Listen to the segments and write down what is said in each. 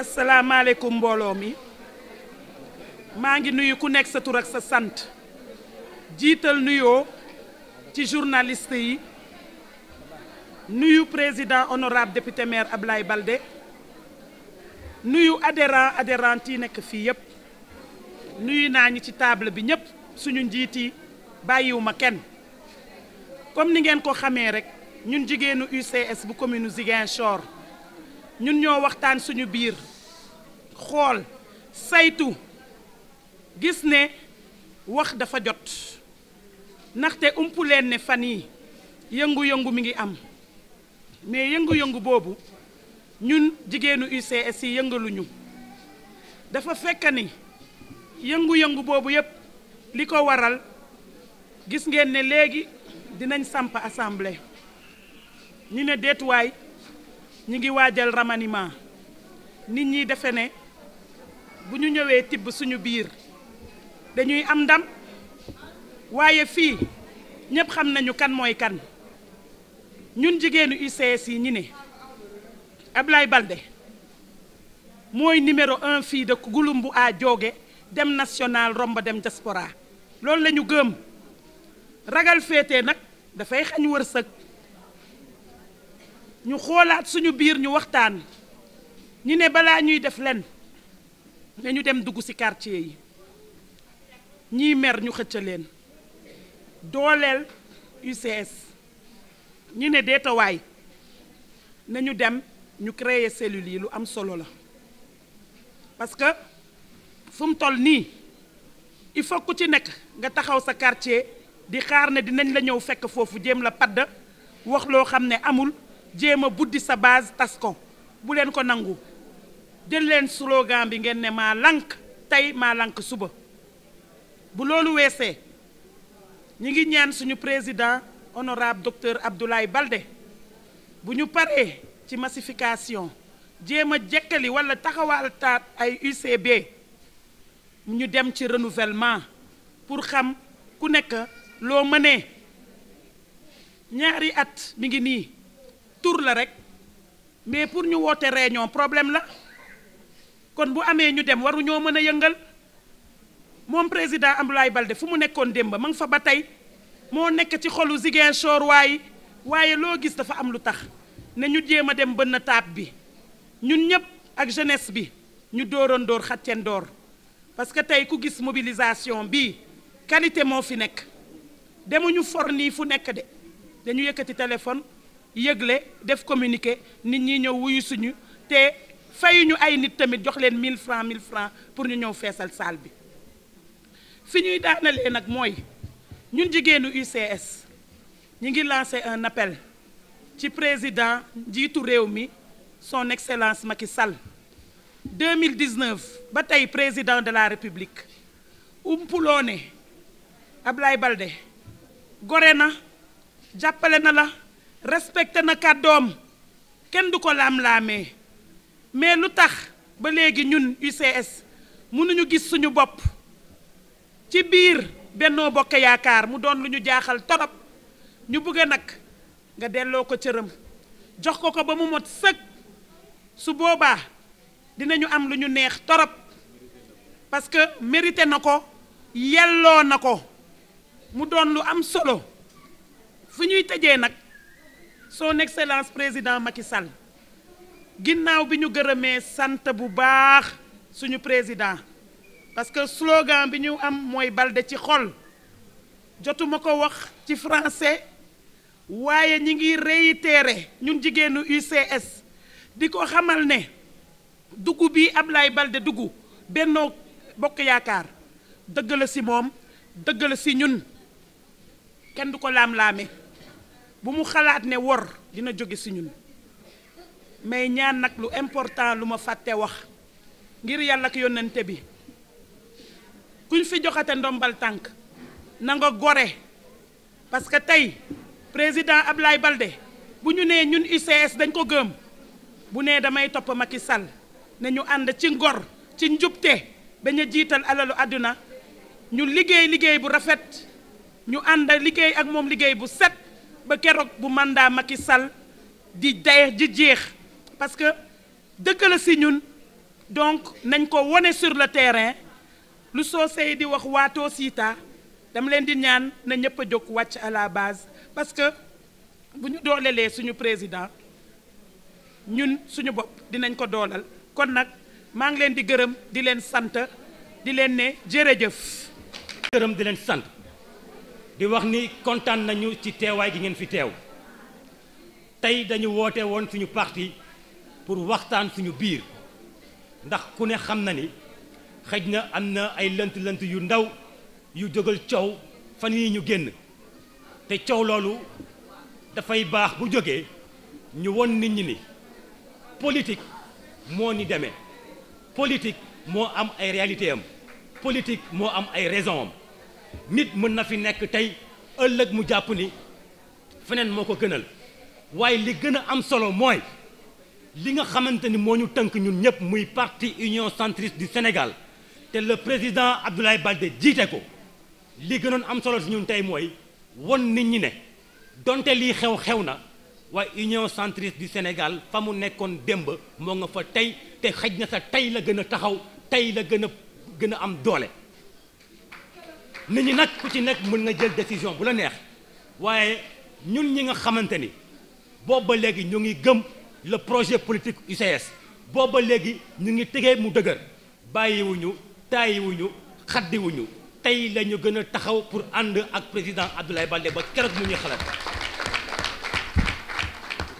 asalaamaaleykum mbooloo mi maa ngi nuyu ku nekk sa tur sa sant jiital nuyoo ci journaliste yi nuyu président honorable député maire Ablaye Baldé nuyu adhérent adhérente yi nekk fii yépp nuyu naa ñi ci table bi ñépp suñu njiit yi bàyyiwuma kenn comme ni ngeen ko xamee rek ñun jigéenu UCS bu commune Ziguinchor ñun ñoo waxtaan suñu biir xool saytu gis ne wax dafa jot ndaxte umpu leen ne fan yi yëngu-yëngu mi ngi am mais yëngu-yëngu boobu ñun jigéenu UCS yi yëngaluñu dafa fekk ni yëngu-yëngu boobu yépp li ko waral gis ngeen ne léegi dinañ samp assemblée ñu ne deetuwaay ñu ngi wajjal ramaniment nit ñi defé né bu ñu ñëwé tib suñu biir dañuy am ndam waaye fi ñëpp xam nañu kan moy kan ñun jigéenu ICS yi ñi né Ablaye Balde moy numéro 1 fi de gulumbu a jogé dem national romba dem diaspora loolu lañu gëm ragal nak da fay xagn wërseuk ñu xoolaat suñu biir ñu waxtaan ñu ne balaa ñuy def lenn nañu dem dugg ci quartier yi ñii mer ñu xëcc leen dooleel UCS ñi ne deetawaay nañu dem ñu créer cellules yi lu am solo la parce que fu toll nii il faut ku ci nekk nga taxaw sa quartier di xaar ne dinañ la ñëw fekk foofu jéem la padd wax loo xam ne amul Jema a buddi sa base tas ko bu len ko nangu den len slogan bi ngeen ne maa lànk tey maa suba bu lolou wessé ñi ngi ñaan suñu président honorable docteur Abdoulaye Baldé bu ñu paré ci massification jema a wala taxawal taat ay UCB ñu dem ci renouvellement pour xam ku nek loo mënee ñaari at mi ngi ni tur la rek mais pour ñu woote réunion problème la kon bu amee ñu dem waruñoo mën a yëngal moom président am Abdoulaye balde fu mu nekkoon démb ma nga fa ba tey moo nekk ci xolu Ziguinchor waaye waaye loo gis dafa am lu tax ne ñu jéem a dem bënn taab bi ñun ñëpp ak jeunesse bi ñu dooroon door xacceen parce que tey ku gis mobilisation bi qualité moo fi nekk demuñu for nii fu nekk de dañu yëkkati téléphone yegle, def komunike, nin nyo wuyus nyo, te fayou nyo ay nit teme, djoklen mil fran, mil fran, pou nin nyo fè sal sal bi. Fini yi dan el enak mwoy, nyun jige nou UCS, nyingi lanse an apel, ti prezident, di itou re ou mi, son ekselans maki sal. 2019, batay prezident de la republik, oum pou lone, ablay balde, gore na, djap pale nala, respecté na kàddoom kenn du ko laam-laamee mais lu tax ba léegi ñun UCS mënuñu gis suñu bopp ci biir Benno Bokk Yaakaar mu doon lu ñu jaaxal torop ñu bëgg nag nga delloo ko cëram jox ko ko ba mu mot sëg su boobaa dinañu am lu ñu neex torop parce que mérité na ko yelloo na ko mu doon lu am solo fu ñuy tëjee nag son excellence président Macky Sall ginnaaw bi ñu Santa sante bu baax suñu président parce que slogan bi ñu am moy Balde ci xol jotuma ko wax ci français waye ñi ngi ñun jigéenu UCS xamal ne duggu bi Ablaye Balde Dugu, Benno Bokk yaakar deugul si bu mu xalaat ne wor dina jóge si ñun mais ñaan nag lu important lu ma fàtte wax ngir yàlla ak yónnante bi kuñ fi joxate ndombal tànk nanga gore parce que tey président Ablaye Balde bu ñu nee ñun UCS dañ ko gëm bu nee damay topp Macky Sall ne ñu ànd ci ngor ci njubte bañ a jiital alalu àdduna ñu liggéey liggéey bu rafet ñu ànd ak liggéey ak moom liggéey bu set ba keroog bu mandat Macky Sall di dayer di jeex parce que dëkk la si ñun donc nañ ko woné sur le terrain lu soosey di wax wato sita dam leen di ñaan na ñëpp jokk wacc wàcc à la base parce que bu ñu suñu président ñun suñu bopp dinañ ko dolal kon nak ma ngi leen di gërëm di leen sante di leen né jërëjëf. gërëm di leen sante di wax ni kontaan nañu ci teewaay gi ngeen fi teew tey dañu woote woon suñu parti pour waxtaan suñu biir ndax ku ne xam na ni xëj na am na ay lënt-lënt yu ndaw yu jógal coow fan yii ñu génn te coow loolu dafay baax bu jógee ñu won nit ñi ni politique moo ni demee politique moo am ay réalité am politique moo am ay raison nit mën na fi nekk tey ëllëg mu jàpp ni feneen moo ko gënal waaye li gën a am solo mooy li nga xamante ni moo ñu tënk ñun ñëpp muy parti union centriste du Sénégal te le président Abdoulaye balde jiite ko li gënoon am solo si ñun tey mooy won nit ñi ne donte lii xew xew na waaye union centriste du Sénégal fa mu nekkoon démb moo nga fa tey te xaj na sa tey la gën a taxaw tey la gën a gën a am doole nit ñi nag ku ci nekk mën nga jël décision bu la neex waaye ñun ñi nga xamante ni boobu ba léegi ñu ngi gëm le projet politique UCS boobu ba léegi ñu ngi tegee mu dëgër bàyyiwuñu tàyyiwuñu xaddiwuñu tey la ñu gën a taxaw pour ànd ak président Abdoulaye Baldé ba keroog mu ñuy xalaat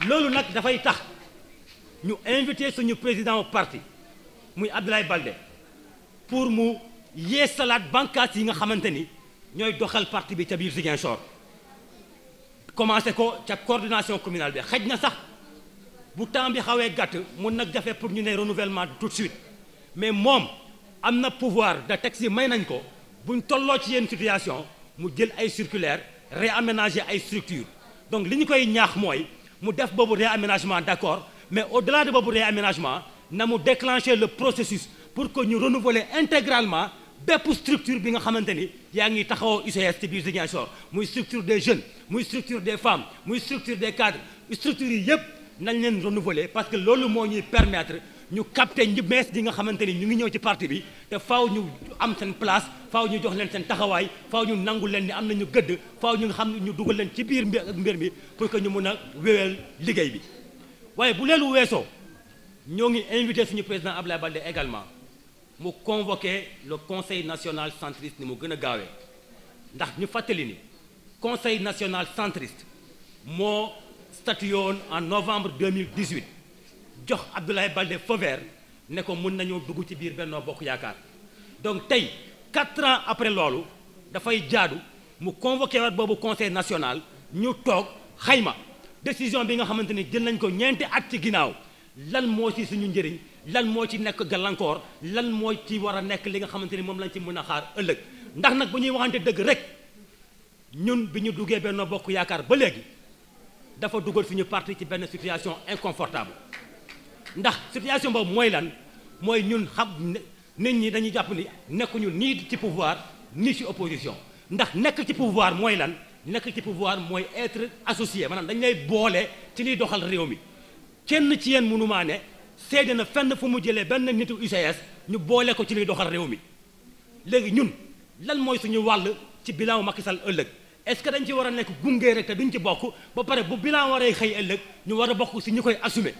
loolu nag dafay tax ñu invité suñu président parti muy Abdoulaye balde pour mu. yeesalaat bànqaas yi nga xamante ni ñooy doxal parti bi ca biir Chor commencé ko ca coordination communale bi xaj na sax bu temps bi xawee gàtt mun nag jafe pour ñu ne renouvellement tout de suite mais moom am na pouvoir de taxi may nañ ko buñ tolloo ci situation mu jël ay circulaire réaménager ay structure donc li ñu koy ñaax mooy mu def un réaménagement d'accord mais au-delà de ce réaménagement na mu déclencher le processus pour que nous renouveler intégralement bépp structure bi nga xamante ni yaa ngi taxawoo UCS ci biir Ziguinchor muy structure des jeunes muy structure des femmes muy structure des cadres structures yi yëpp nañ leen renouveler parce que loolu moo ñuy permettre ñu capter ñu bees nga xamante ni ñu ngi ñëw ci parti bi te faaw ñu am seen place faw ñu jox leen seen taxawaay faw ñu nangu leen ni am nañu gëdd faaw ñu nga xam ñu dugal leen ci biir mbir mi pour que ñu mun a wéwal liggéey bi waaye bu leelu weesoo ñoo ngi invité suñu président Abdoulaye Baldé également mu convoqué le conseil national centriste ni mu gëna a ndax ñu fàttali ni conseil national centriste mo statué en novembre 2018 jox Abdoulaye balde feu ne ko mën nañoo dugg ci biir Benno Bokk Yaakaar donc tay quatre ans après da fay jaadu mu convoqué wat bobu conseil national ñu tok xayma décision bi nga xamanteni jël nañ ko ñenti at ci ginnaaw lan mo ci suñu njëriñ lan moo ci nekk gàllankoor lan mooy ci war a nekk li nga xamante ni moom lañ ci mën a xaar ëllëg ndax nag bu ñuy waxante dëgg rek ñun bi ñu duggee benn Bokk Yaakaar ba léegi dafa dugal suñu parti ci benn situation inconfortable ndax situation boobu mooy lan mooy ñun xam nit ñi dañuy jàpp ni nekkuñu nii ci pouvoir ni ci opposition ndax nekk ci pouvoir mooy lan nekk ci pouvoir mooy être associé maanaam dañ lay boole ci liy doxal réew mi kenn ci yéen mënumaa ne seede na fenn fu mu jëlee benn nitu UCS ñu boole ko ci liy doxal réew mi léegi ñun lan mooy suñu wàll ci bilan Macky Sall ëllëg est-ce que dañ ci war a nekk gunge rek te duñ ci bokk ba pare bu bilan waree xëy ëllëg ñu war a bokk si ñu koy assumer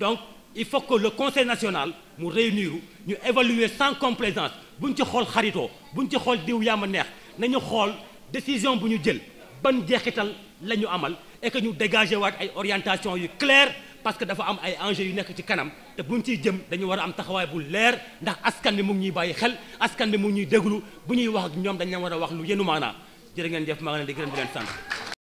donc il faut que le conseil national mu réunir ñu évaluer sans complaisance buñ ci xool xaritoo buñ ci xool diw yaa neex nañu xool décision bu ñu jël ban jeexital la ñu amal et que ñu dégager waat ay orientation yu claire parce que dafa am ay enjeux yu nekk ci kanam te buñ ciy jëm dañu war a am taxawaay bu leer ndax askan bi mu ngi ñuy bàyyi xel askan bi mu ngi ñuy déglu bu ñuy wax ak ñoom dañ leen war a wax lu yenu maanaa jërë ngeen jëf maa ngi leen di gërëm di leen sant